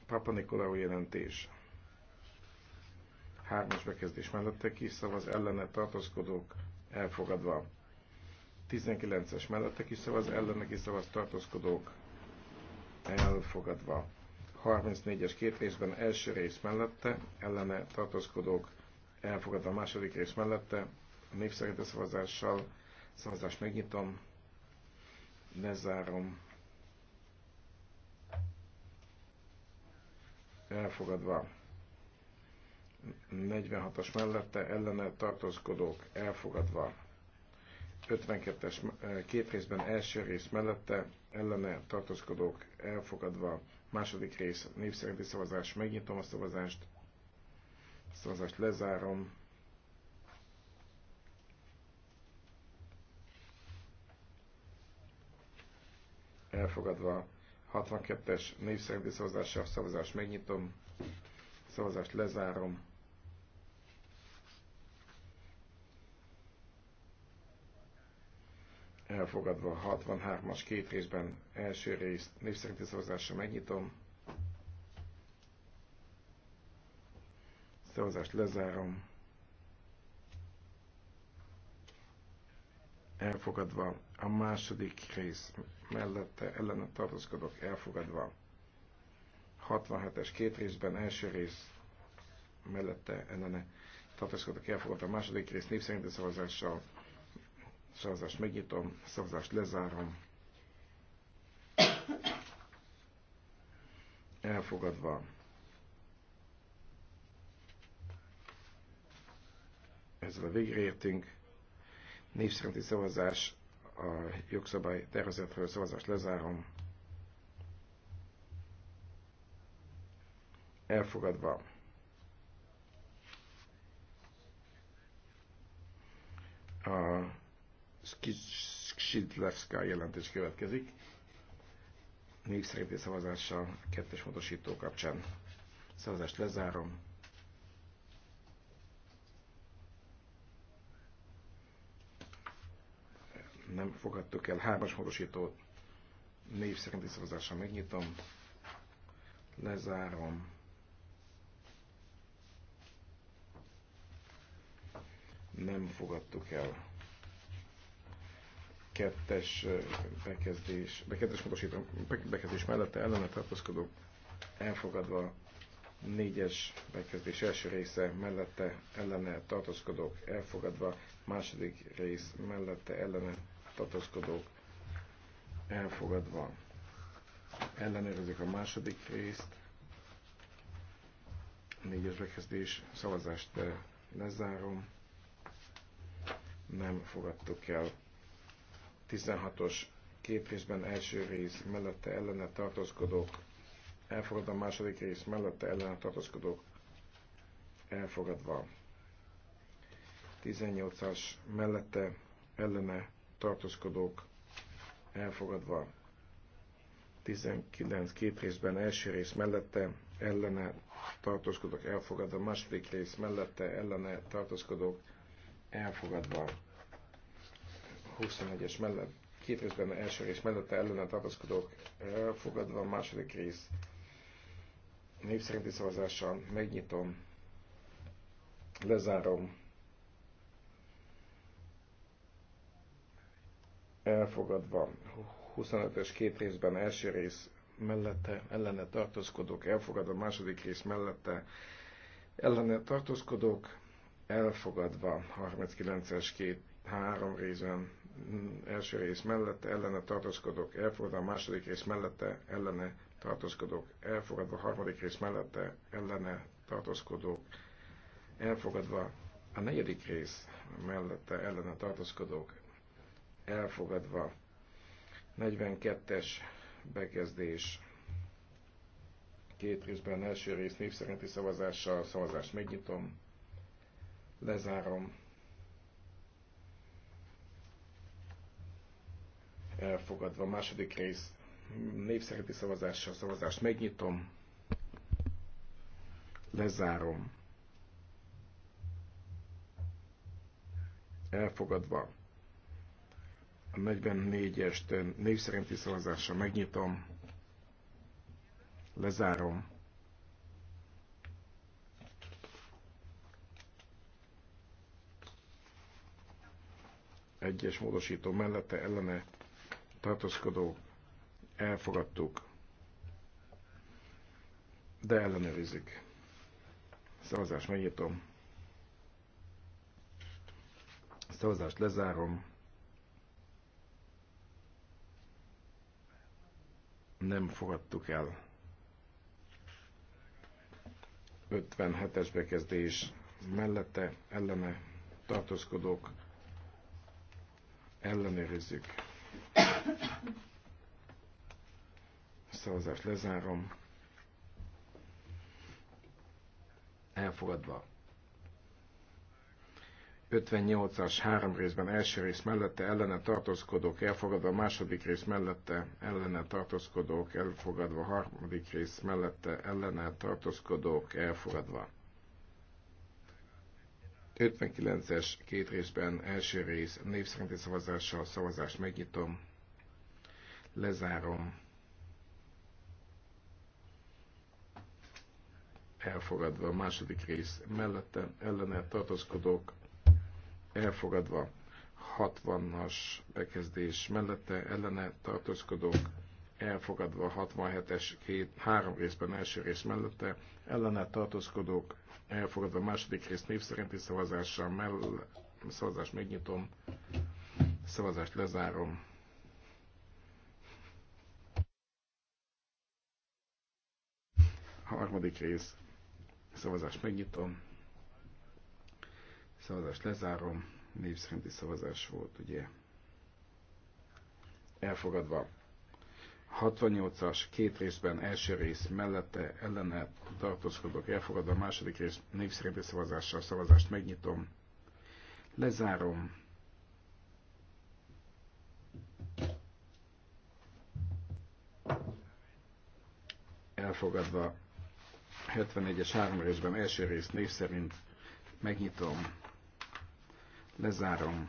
Papa Nikolaou jelentés. Hármas bekezdés mellette kiszavaz ellene tartózkodók elfogadva. 19-es mellette kiszavaz ellene szavaz tartózkodók elfogadva. 34-es két részben első rész mellette ellene tartózkodók elfogadva. A második rész mellette a népszerűtő szavazással szavazást megnyitom, lezárom. elfogadva. 46-as mellette ellene tartózkodók elfogadva. 52-es eh, két részben első rész mellette ellene tartózkodók elfogadva. Második rész népszerinti szavazás. Megnyitom a szavazást. A szavazást lezárom. Elfogadva 62-es népszerinti szavazással szavazást megnyitom, szavazást lezárom. Elfogadva 63-as két részben első részt népszerinti szavazással megnyitom. Szavazást lezárom. elfogadva, a második rész mellette ellene tartozkodok, elfogadva, 67-es két részben, első rész mellette ellene tartozkodok, elfogadva, a második rész népszerinti szavazással, szavazást megnyitom, szavazást lezárom, elfogadva. Ezzel a végre értünk. Név szerinti szavazás a jogszabály tervezetről szavazást lezárom. Elfogadva. A Skidlevska jelentés következik. Név szerinti szavazással kettes módosító kapcsán. Szavazást lezárom. nem fogadtuk el. Hármas módosító név szerinti szavazással megnyitom, lezárom. Nem fogadtuk el. Kettes bekezdés, bekezdés módosító, bekezdés mellette ellene tartózkodó elfogadva négyes bekezdés első része mellette ellene tartózkodók elfogadva, második rész mellette ellene tartózkodók elfogadva. ellenőrzik a második részt. Négyes bekezdés, szavazást eh, lezárom. Nem fogadtuk el. 16-os két részben első rész mellette ellene tartózkodók. Elfogadva a második rész mellette ellene tartózkodók. Elfogadva. 18-as mellette ellene tartózkodók elfogadva. 19 két részben első rész mellette ellene tartózkodók elfogadva, második rész mellette ellene tartózkodók elfogadva. 21-es mellett, két részben első rész mellette ellene tartózkodók elfogadva, második rész népszerinti szavazással megnyitom, lezárom, elfogadva 25-ös két részben első rész mellette ellene tartózkodók, elfogadva második rész mellette ellene tartózkodók, elfogadva 39-es két három részben mm, első rész mellette ellene tartózkodók, elfogadva a második rész mellette ellene tartózkodók, elfogadva a harmadik rész mellette ellene tartózkodók, elfogadva a negyedik rész mellette ellene tartózkodók, elfogadva. 42-es bekezdés két részben, első rész név szerinti szavazással, szavazást megnyitom, lezárom, elfogadva, második rész név szerinti szavazással, szavazást megnyitom, lezárom, elfogadva, a 44-est név szerinti szavazással megnyitom, lezárom. Egyes módosító mellette ellene tartózkodó elfogadtuk, de ellenőrizik. Szavazást megnyitom. Szavazást lezárom. nem fogadtuk el. 57-es bekezdés mellette ellene tartózkodók ellenőrizzük. Szavazást lezárom. Elfogadva 58-as három részben első rész mellette ellene tartózkodók elfogadva, második rész mellette ellene tartózkodók elfogadva, harmadik rész mellette ellene tartózkodók elfogadva. 59-es két részben első rész név szerinti szavazással szavazást megnyitom, lezárom, elfogadva a második rész mellette ellene tartózkodók elfogadva 60-as bekezdés mellette ellene tartózkodók elfogadva 67-es két, három részben első rész mellette, ellene tartózkodók elfogadva második rész név szerinti szavazással mell, szavazást megnyitom, szavazást lezárom. Harmadik rész, szavazást megnyitom. Szavazást lezárom. Név szerinti szavazás volt, ugye? Elfogadva. 68-as, két részben, első rész mellette, ellene tartózkodok, elfogadva a második rész, név szerinti szavazással szavazást megnyitom, lezárom. Elfogadva 71-es három részben, első rész név szerint megnyitom, Lezárom.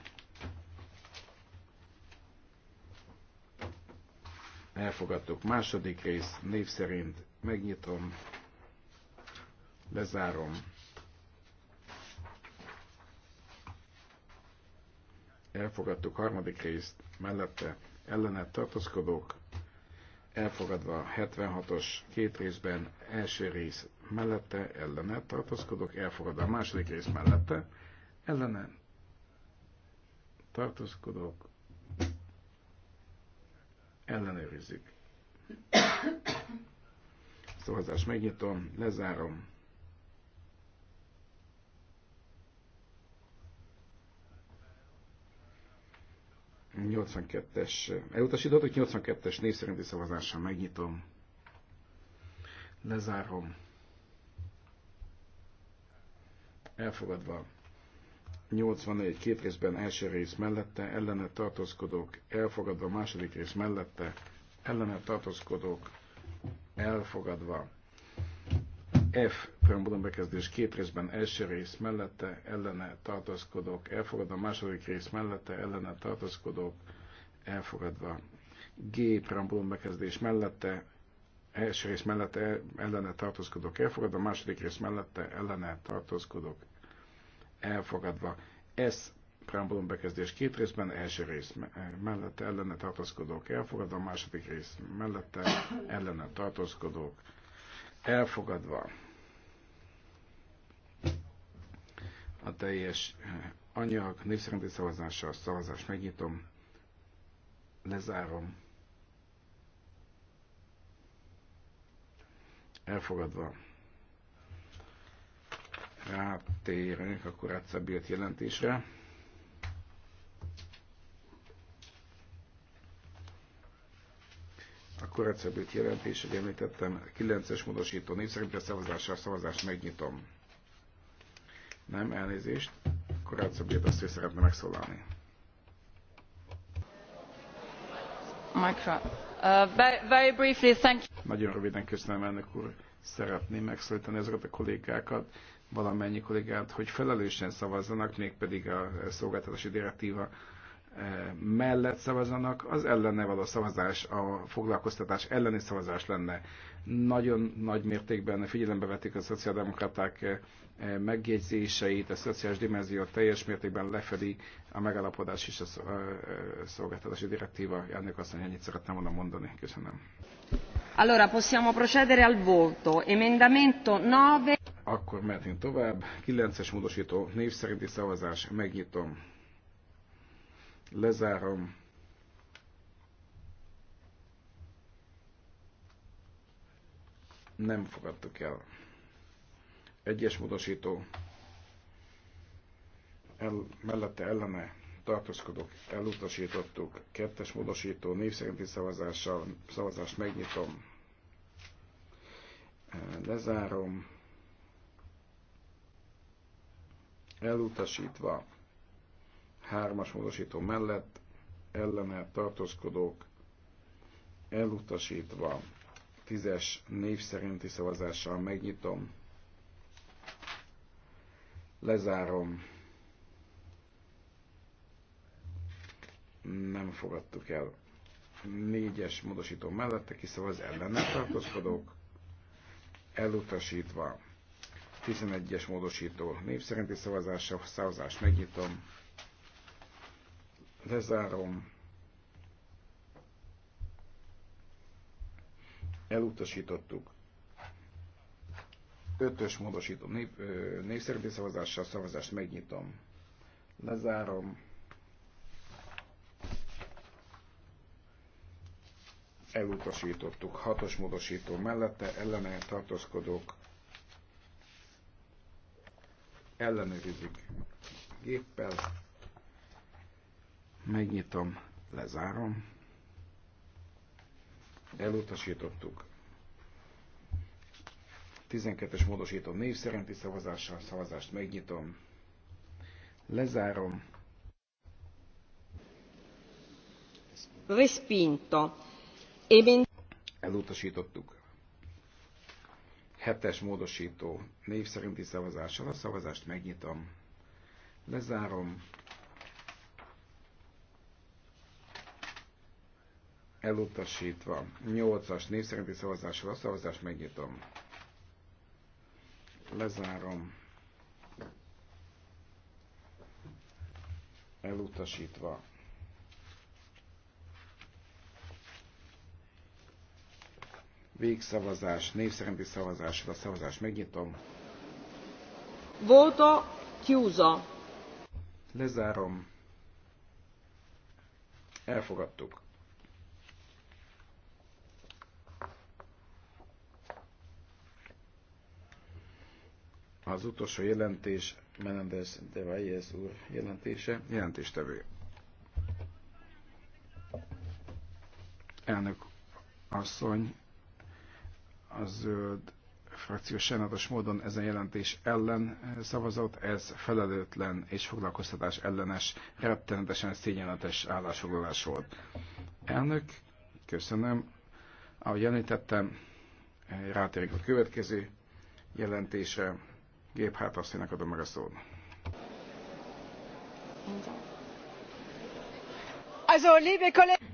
Elfogadtuk. Második rész név szerint megnyitom. Lezárom. Elfogadtuk harmadik részt, mellette ellenet tartózkodók, elfogadva 76-os két részben első rész mellette Ellenet tartózkodok, elfogadva a második rész mellette Ellenet tartózkodók, ellenőrizzük. Szavazást megnyitom, lezárom. es elutasított, hogy 82-es név szerinti szavazással megnyitom. Lezárom. Elfogadva. 84 két részben első rész mellette, ellene tartózkodók elfogadva, második rész mellette, ellene tartózkodók elfogadva. F. Preambulum bekezdés két részben első rész mellette, ellene tartózkodók elfogadva, második rész mellette, ellene tartózkodók elfogadva. G. Preambulum bekezdés mellette, első rész mellette ellene tartózkodók elfogadva, második rész mellette ellene tartózkodók elfogadva. Ez preambulum bekezdés két részben, első rész mellette ellene tartózkodók elfogadva, második rész mellette ellene tartózkodók elfogadva. A teljes eh, anyag népszerinti szavazással szavazást megnyitom, lezárom, elfogadva rátérnék a Kurácsabilt jelentésre. A Kurácsabilt jelentés, hogy említettem, 9-es módosító név szerint a szavazással szavazást megnyitom. Nem, elnézést. Kurácsabilt azt, hogy szeretne megszólalni. Uh, very briefly, thank you. Nagyon röviden köszönöm, elnök úr szeretném megszólítani azokat a kollégákat, valamennyi kollégát, hogy felelősen szavazzanak, mégpedig a szolgáltatási direktíva eh, mellett szavazanak, az ellene való szavazás, a foglalkoztatás elleni szavazás lenne. Nagyon nagy mértékben figyelembe vették a szociáldemokraták eh, megjegyzéseit, a szociális dimenziót teljes mértékben lefedi a megalapodás és a eh, szolgáltatási direktíva. Ennek azt mondja, ennyit szerettem volna mondani. Köszönöm. Allora, possiamo procedere al voto. Emendamento 9. Akkor mehetünk tovább. 9-es módosító név szerinti szavazás. Megnyitom. Lezárom. Nem fogadtuk el. Egyes módosító. El, mellette ellene tartózkodok, elutasítottuk. Kettes módosító név szerinti szavazással szavazást megnyitom. Lezárom. elutasítva, hármas módosító mellett, ellene tartózkodók elutasítva, tízes név szerinti szavazással megnyitom, lezárom, nem fogadtuk el négyes módosító mellette kiszavaz ellene tartózkodók, elutasítva 11-es módosító népszerinti szavazása, szavazást megnyitom, lezárom, elutasítottuk. 5-ös módosító nép, népszerinti szavazással szavazást megnyitom, lezárom, elutasítottuk. Hatos módosító mellette ellene tartózkodók ellenőrizik géppel. Megnyitom, lezárom. Elutasítottuk. 12-es módosítom név szerinti szavazással szavazást megnyitom. Lezárom. Respinto. Elutasítottuk. Hetes módosító név szerinti szavazással a szavazást megnyitom. Lezárom. Elutasítva. Nyolcas név szerinti szavazással a szavazást megnyitom. Lezárom. Elutasítva. végszavazás, név szerinti szavazásra szavazás megnyitom. Voto chiuso. Lezárom. Elfogadtuk. Az utolsó jelentés, Menendez de Valles úr jelentése, jelentéstevő. Elnök asszony, a zöld frakció sajnálatos módon ezen jelentés ellen szavazott, ez felelőtlen és foglalkoztatás ellenes, rettenetesen szégyenletes állásfoglalás volt. Elnök, köszönöm. Ahogy említettem, rátérünk a következő jelentése. Gép Hátasszének adom meg a szót.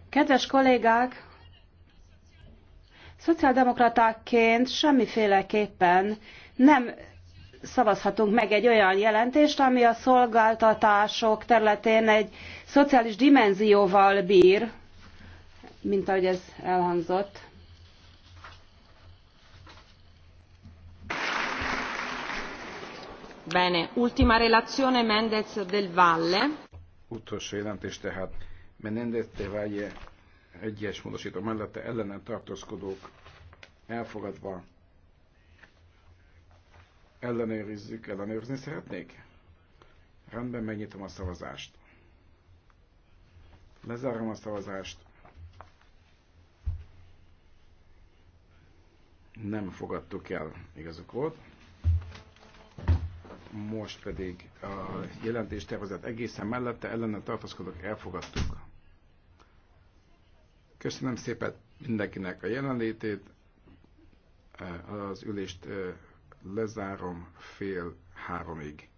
Kedves kollégák, Szociáldemokratákként semmiféleképpen nem szavazhatunk meg egy olyan jelentést, ami a szolgáltatások területén egy szociális dimenzióval bír, mint ahogy ez elhangzott. Bene, ultima relazione Mendez del Valle. Utolsó jelentés tehát Menendez del Valle egyes módosító mellette ellenen tartózkodók elfogadva ellenőrizzük, ellenőrizni szeretnék? Rendben, megnyitom a szavazást. Lezárom a szavazást. Nem fogadtuk el, igazuk volt. Most pedig a jelentéstervezet egészen mellette ellene tartózkodók elfogadtuk. Köszönöm szépen mindenkinek a jelenlétét. Az ülést lezárom fél háromig.